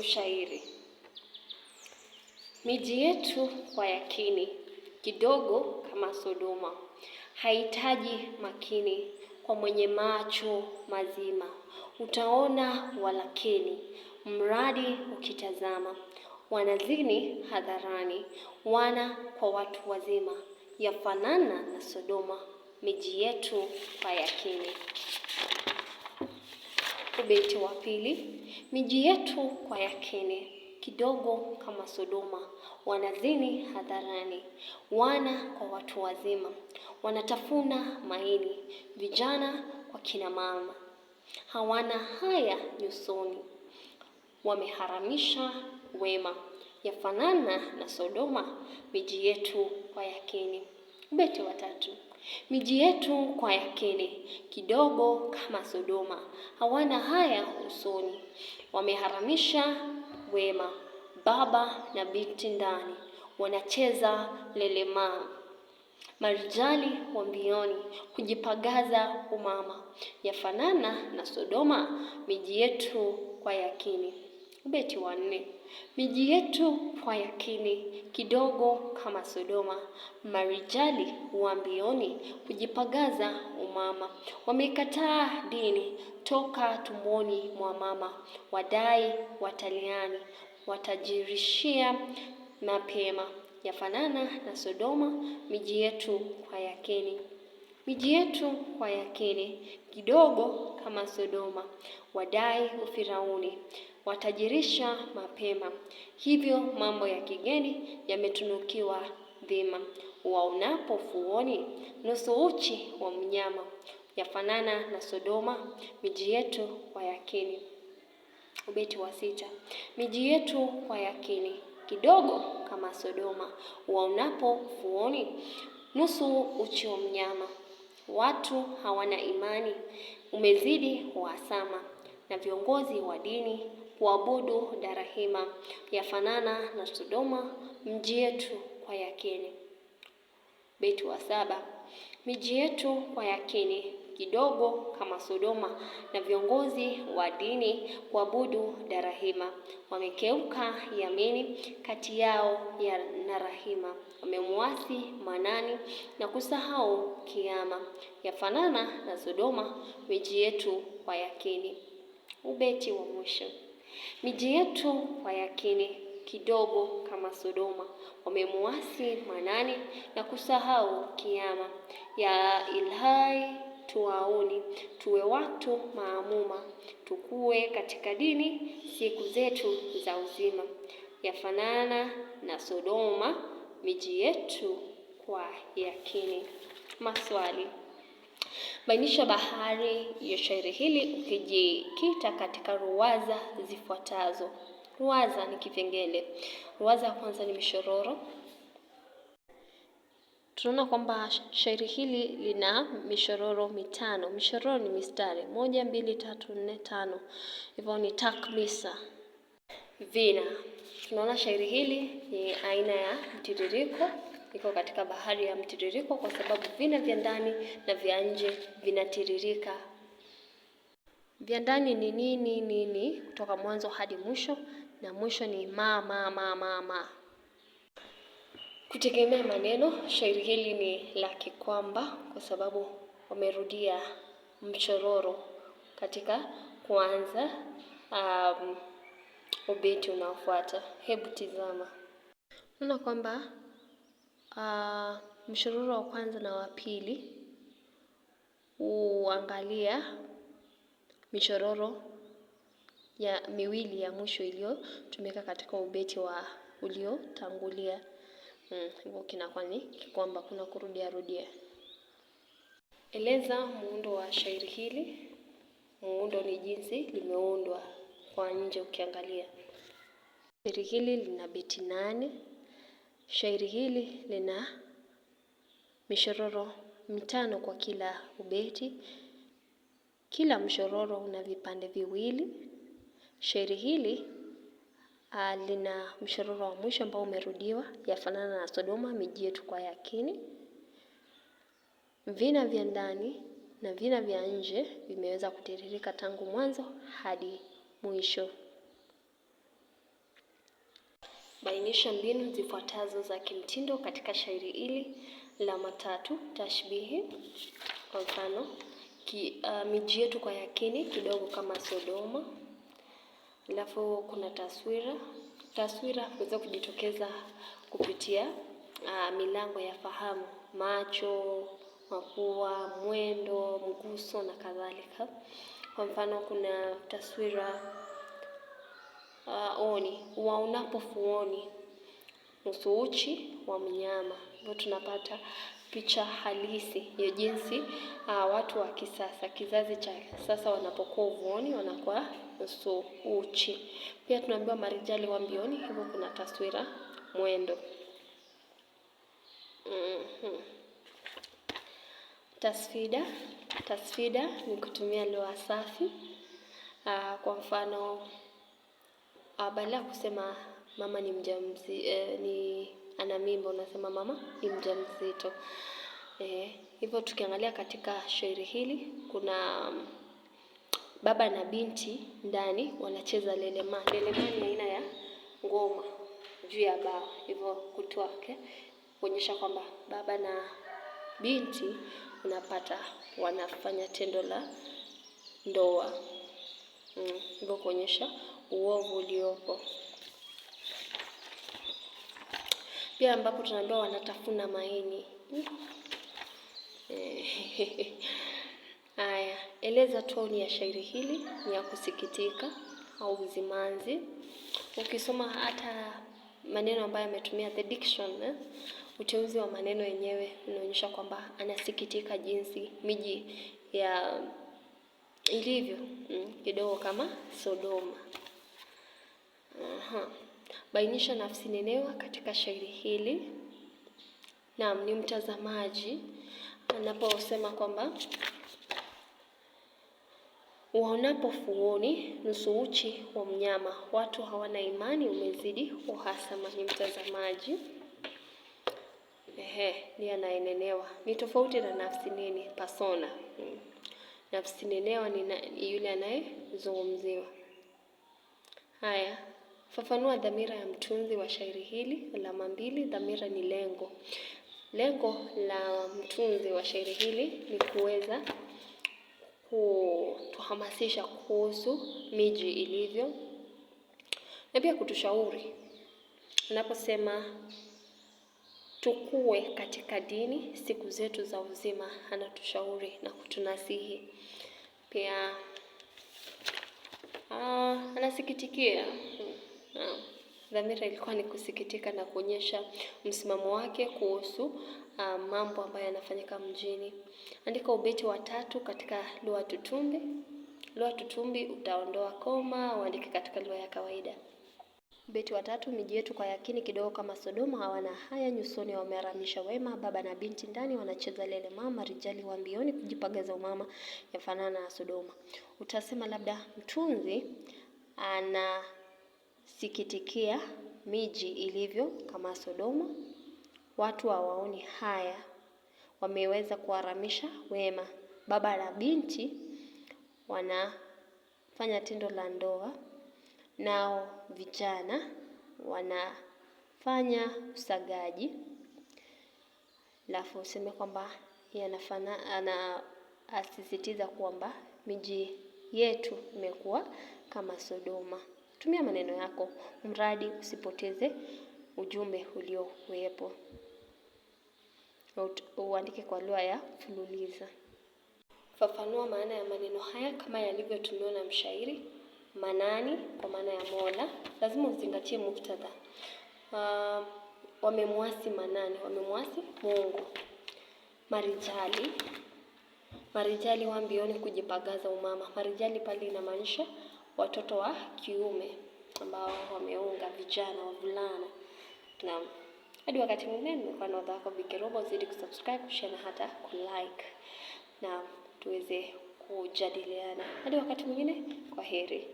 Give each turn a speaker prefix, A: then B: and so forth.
A: Ushairi. Miji yetu kwa yakini, kidogo kama Sodoma, hahitaji makini. Kwa mwenye macho mazima utaona walakini, mradi ukitazama. Wanazini hadharani, wana kwa watu wazima, yafanana na Sodoma, miji yetu kwa yakini
B: ubeti wa pili, miji yetu kwa yakini kidogo kama Sodoma, wanazini hadharani, wana kwa watu wazima, wanatafuna maini, vijana kwa kina mama, hawana haya nyusoni, wameharamisha wema, yafanana na Sodoma miji yetu kwa yakini. Ubeti wa tatu miji yetu kwa yakene, kidogo kama Sodoma, hawana haya usoni, wameharamisha wema, baba na binti ndani, wanacheza lelema marijali wa mbioni, kujipagaza umama, yafanana na Sodoma miji yetu kwa yakini beti wa nne. Miji yetu kwa yakini, kidogo kama Sodoma, marijali wa mbioni kujipagaza umama, wamekataa dini toka tumboni mwa mama, wadai wataliani watajirishia mapema, yafanana na Sodoma, miji yetu kwa yakini miji yetu kwa yakini, kidogo kama Sodoma, wadai ufirauni watajirisha mapema, hivyo mambo ya kigeni yametunukiwa dhima. Waonapo fuoni nusu uchi wa mnyama, yafanana na Sodoma, miji yetu kwa yakini. Ubeti wa sita. Miji yetu kwa yakini, kidogo kama Sodoma, waonapo fuoni nusu uchi wa mnyama. Watu hawana imani, umezidi uhasama, na viongozi wa dini kuabudu darahima, yafanana na Sodoma mji yetu kwa yakini. Beti wa saba: miji yetu kwa yakini kidogo kama Sodoma, na viongozi wa dini kuabudu darahima. Wamekeuka yamini, kati yao ya na rahima. Wamemwasi Manani na kusahau kiama, yafanana na Sodoma miji yetu kwa yakini. Ubeti wa mwisho. Miji yetu kwa yakini kidogo kama Sodoma, wamemuasi Manani na kusahau kiama. Ya ilhai tuwaoni tuwe watu maamuma, tukue katika dini siku zetu za uzima. Yafanana na Sodoma miji yetu kwa yakini. Maswali. Bainisha bahari ya shairi hili ukijikita katika ruwaza zifuatazo. Ruwaza ni kipengele. Ruwaza ya kwanza ni mishororo.
C: Tunaona kwamba shairi hili lina mishororo mitano. Mishororo ni mistari moja, mbili, tatu, nne, tano, hivyo ni takmisa. Vina, tunaona shairi hili ni aina ya mtiririko iko katika bahari ya mtiririko kwa sababu vina vya ndani na vya nje vinatiririka. Vya ndani ni nini nini kutoka mwanzo hadi mwisho, na mwisho ni ma ma ma ma ma. Kutegemea maneno, shairi hili ni la Kikwamba kwa sababu wamerudia mchororo katika kuanza um, ubeti unaofuata. Hebu tizama, unaona kwamba uh, ah, mshororo wa kwanza na wa pili huangalia mishororo ya miwili ya mwisho iliyotumika katika ubeti wa uliotangulia. Hmm, hivyo mm, kinakuwa ni kwamba kuna kurudia rudia. Eleza muundo wa shairi hili. Muundo ni jinsi limeundwa kwa nje ukiangalia. Shairi hili lina beti nane Shairi hili lina mishororo mitano kwa kila ubeti. Kila mshororo una vipande viwili. Shairi hili ah, lina mshororo wa mwisho ambao umerudiwa, yafanana na Sodoma miji yetu kwa yakini. Vina vya ndani na vina vya nje vimeweza kutiririka tangu mwanzo hadi mwisho. Bainisha mbinu zifuatazo za kimtindo katika shairi hili la matatu: tashbihi, kwa mfano ki, uh, miji yetu kwa yakini, kidogo kama Sodoma. Alafu kuna taswira. Taswira huweza kujitokeza kupitia uh, milango ya fahamu: macho, mapua, mwendo, mguso na kadhalika. Kwa mfano kuna taswira jikoni, uwaonapo fuoni, nusu uchi wa mnyama. Hivyo tunapata picha halisi ya jinsi uh, watu wa kisasa, kizazi cha sasa wanapokuwa uvuoni wanakuwa nusu uchi. Pia tunaambiwa marijali wa mbioni, hivyo kuna taswira mwendo. mm -hmm. Tasfida. Tasfida ni kutumia lugha safi. Uh, kwa mfano Ah, badala ya kusema mama ni mjamzi, eh, ni ana mimba, unasema mama ni mjamzito. Eh, hivyo tukiangalia katika shairi hili kuna mm, baba na binti ndani wanacheza lelema. Lelema ni aina ya ngoma juu ya bao, hivyo kutoa kuonyesha kwamba baba na binti unapata wanafanya tendo la ndoa, mm, hivyo mm, kuonyesha uovu uliopo. Pia ambapo tunaambiwa wanatafuna maini haya. Eleza toni ya shairi hili ni ya kusikitika au uzimanzi. Ukisoma hata maneno ambayo ametumia the diction eh? Uteuzi wa maneno yenyewe unaonyesha kwamba anasikitika jinsi miji ya ilivyo mm, kidogo kama Sodoma. Aha. Bainisha nafsi nenewa katika shairi hili. Naam, ni mtazamaji anaposema kwamba waonapo fuoni nusu uchi wa mnyama, watu hawana imani, umezidi uhasama. Ni mtazamaji ehe, ni anayenenewa. Ni tofauti na nafsi nini, pasona. Hmm. Nafsi nenewa ni yule anayezungumziwa. Haya. Fafanua dhamira ya mtunzi wa shairi hili. Alama mbili. Dhamira ni lengo. Lengo la mtunzi wa shairi hili ni kuweza kutuhamasisha kuhusu miji ilivyo na pia kutushauri anaposema tukue katika dini siku zetu za uzima, anatushauri na kutunasihi pia. Aa, ah, anasikitikia Hmm. Dhamira ilikuwa ni kusikitika na kuonyesha msimamo wake kuhusu uh, mambo ambayo yanafanyika mjini. Andika ubeti wa tatu katika lugha tutumbi. Lugha tutumbi utaondoa koma, uandike katika lugha ya kawaida. Ubeti wa tatu. Miji yetu kwa yakini kidogo kama Sodoma, hawana haya nyusoni, wameharamisha wema. Baba na binti ndani wanacheza lele, mama rijali wa mbioni, kujipagaza umama, yafanana na Sodoma. Utasema labda mtunzi ana sikitikia miji ilivyo kama Sodoma, watu hawaoni haya, wameweza kuharamisha wema. Baba na binti wanafanya tendo la ndoa, nao vijana wanafanya usagaji, alafu useme kwamba yeye anafana ana asisitiza kwamba miji yetu imekuwa kama Sodoma. Tumia maneno yako, mradi usipoteze ujumbe uliokuwepo. Uandike kwa lugha ya fululiza. Fafanua maana ya maneno haya kama yalivyotumiwa na mshairi. Manani kwa maana ya Mola, lazima uzingatie muktadha. Uh, wamemwasi Manani, wamemwasi Mungu. Marijali, marijali wa mbioni kujipagaza umama. Marijali pale inamaanisha watoto wa kiume ambao wameunga vijana wavulana. Naam, hadi wakati mwingine, nimekuwa na odha wako Vicky Robo. Zidi kusubscribe, kushare na hata kulike, na tuweze kujadiliana. Hadi wakati mwingine, kwa heri.